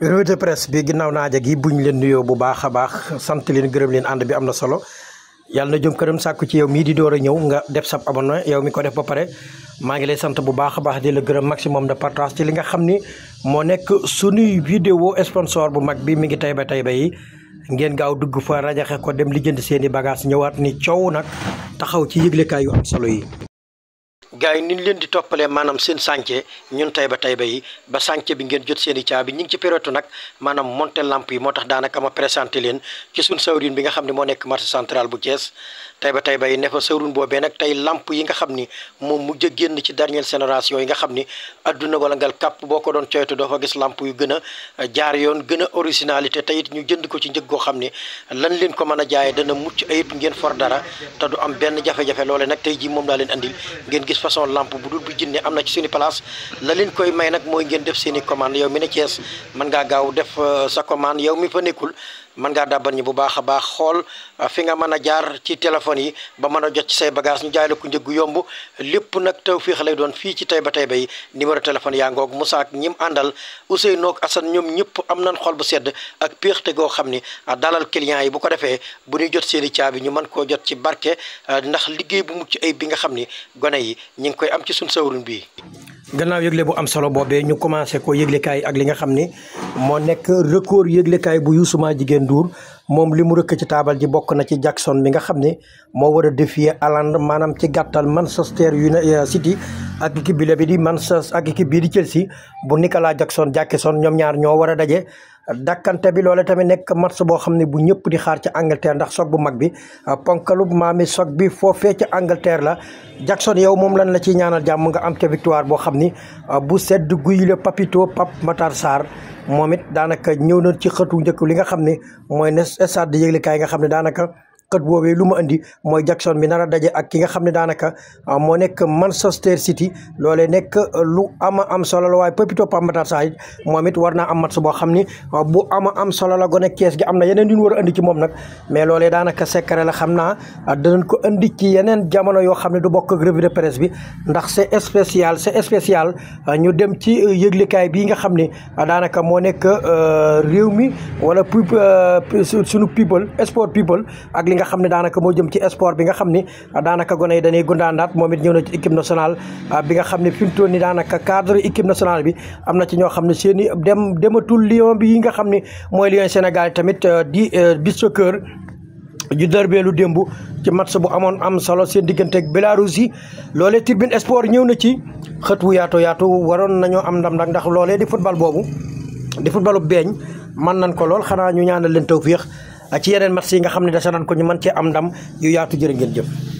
revue bi ginnaaw naaja gi buñ leen nuyoo bu baax a baax sant leen gërëm leen ànd bi am na solo yàlla na jëm këram sàkku ci yow mii di door a ñëw nga def sab abonné yow mi ko def ba pare maa ngi lay sant bu baax a baax di la gërëm maximum de partage ci li nga xam ni moo nekk sunuy vidéo sponsor bu mag bi mi ngi Taïba Taïba yi ngeen gaaw dugg fa rajaxe ko dem lijjanti seen seeni bagage ñëwaat ni coow nag taxaw ci yëglekaay yu am solo yi gars yi ni ñu leen di toppalee maanaam seen chantier ñun Taïba Taïba yi ba chantier bi ngeen jot seen i caabi ñu ngi ci période nag maanaam monté lamp yi moo tax daanaka ma présenté leen ci suñ sawrine bi nga xam ne moo nekk marché central bu Thiès Taïba Taïba yi ne fa sawrine boobee nag tey lamp yi nga xam ni moom mujj a génn ci dernière génération yi nga xam ni adduna wala ngal kàpp boo ko doon coytu doo fa gis lamp yu gën a jaar yoon gën a originalité te it ñu jënd ko ci njëg goo xam ni lan leen ko mën a jaayee dana mucc ayib ngeen for dara te du am benn jafe-jafe nag tey ji moom laa leen façon lamp bu dul bu jinne am na ci seen i place la leen koy may nag mooy ngeen def seen i commande yow mi ne Thiès mën ngaa gaaw def euh, sa commande yow mi fa nekkul mën ngaa dàbban ñi bu baax a baax xool uh, fi nga mën a jaar ci téléphone yi ba mën a jot ci say bagage ñu jaay ko njëggu yomb lépp nag tawféex lay doon fii ci Taïba Taïba yi numéro téléphone yaa ngoog Moussa ak ñim àndal Ousseynou ak Assane ñoom ñëpp am nañ xol bu sedd ak péexte goo xam ni uh, dalal clients yi bu ko defee bu ñuy jot seen i caabi ñu mën koo jot ci barke uh, ndax liggéey bu mucc ay bi nga xam ni gone yi ñu ngi koy am ci suñ sawrun bii gannaaw yëgle bu am solo boobee ñu commencé ko yëglekaay ak li nga xam ni moo nekk record yëglekaay bu Youssouma Jigéen Ndour moom li mu rëkk ci taabal ji bokk na ci Jackson mi nga xam ni moo war a défier Haaland maanaam ci gàttal Manchester euh, City ak équipe bi la bi di Manchester ak équipe bii di Chelsea bu Nicolas Jackson Jackson ñoom ñaar ñoo war a dajee dakkante bi loole tamit nekk match boo xam ne bu ñëpp di xaar ci Angleterre ndax soog bu mag bi ah, ponkalub maami soog bi foofee ci Angleterre la Jackson yow moom lan la ciy ñaanal jàmm nga am te victoire boo xam ni ah, bu sedd guy la Papito Pape Matar Sarr moom it daanaka ñëw na ci xëtu njëkk li nga xam ne mooy ne stade yëglekaay nga xam ne daanaka kët woowee lu ma andi mooy Jackson mi nar a daje ak ki nga xam ne daanaka ah, moo nekk Manchester City loolee nekk ah, lu ama am solo la waaye Pépito Pape Matar Sarr it moom it war naa am match boo xam ni ah, bu ama am solo la gone kees gi am na yeneen yu ñu war ci moom nag mais loolee daanaka secret la xam na danañ ko andi ci yeneen jamono yoo xam ne du bokk ak revue de presse bi ndax c'est spécial c'est spécial ñu dem ci yëglikaay bii nga xam ne daanaka moo nekk réew mi wala sunu people sport people ak li xam ne daanaka moo jëm ci sport bi nga xam ni daanaka gone yi dañuy gundaandaat moom it ñëw na ci équipe nationale ah, bi nga xam ne fi mu toll ni daanaka cadre équipe nationale bi am na ci ñoo xam ne seen i dem dematul Lion bi nga xam ne mooy Lion Sénégal tamit ah, di beach soccer ju dërbeelu démb ci match bu amoon am solo seen digganteeg ak Bélarussie loolee Tribune Sport ñëw na ci xët wu yaatu yaatu waroon nañoo am ndam nag ndax loole di football boobu di footballu beeñ mën nañ ko lool xanaa ñu ñaanal ci yeneen match yi nga xam ne dese nan ko ñu mën cee am ndam yu yaatu jërë ngeen jëf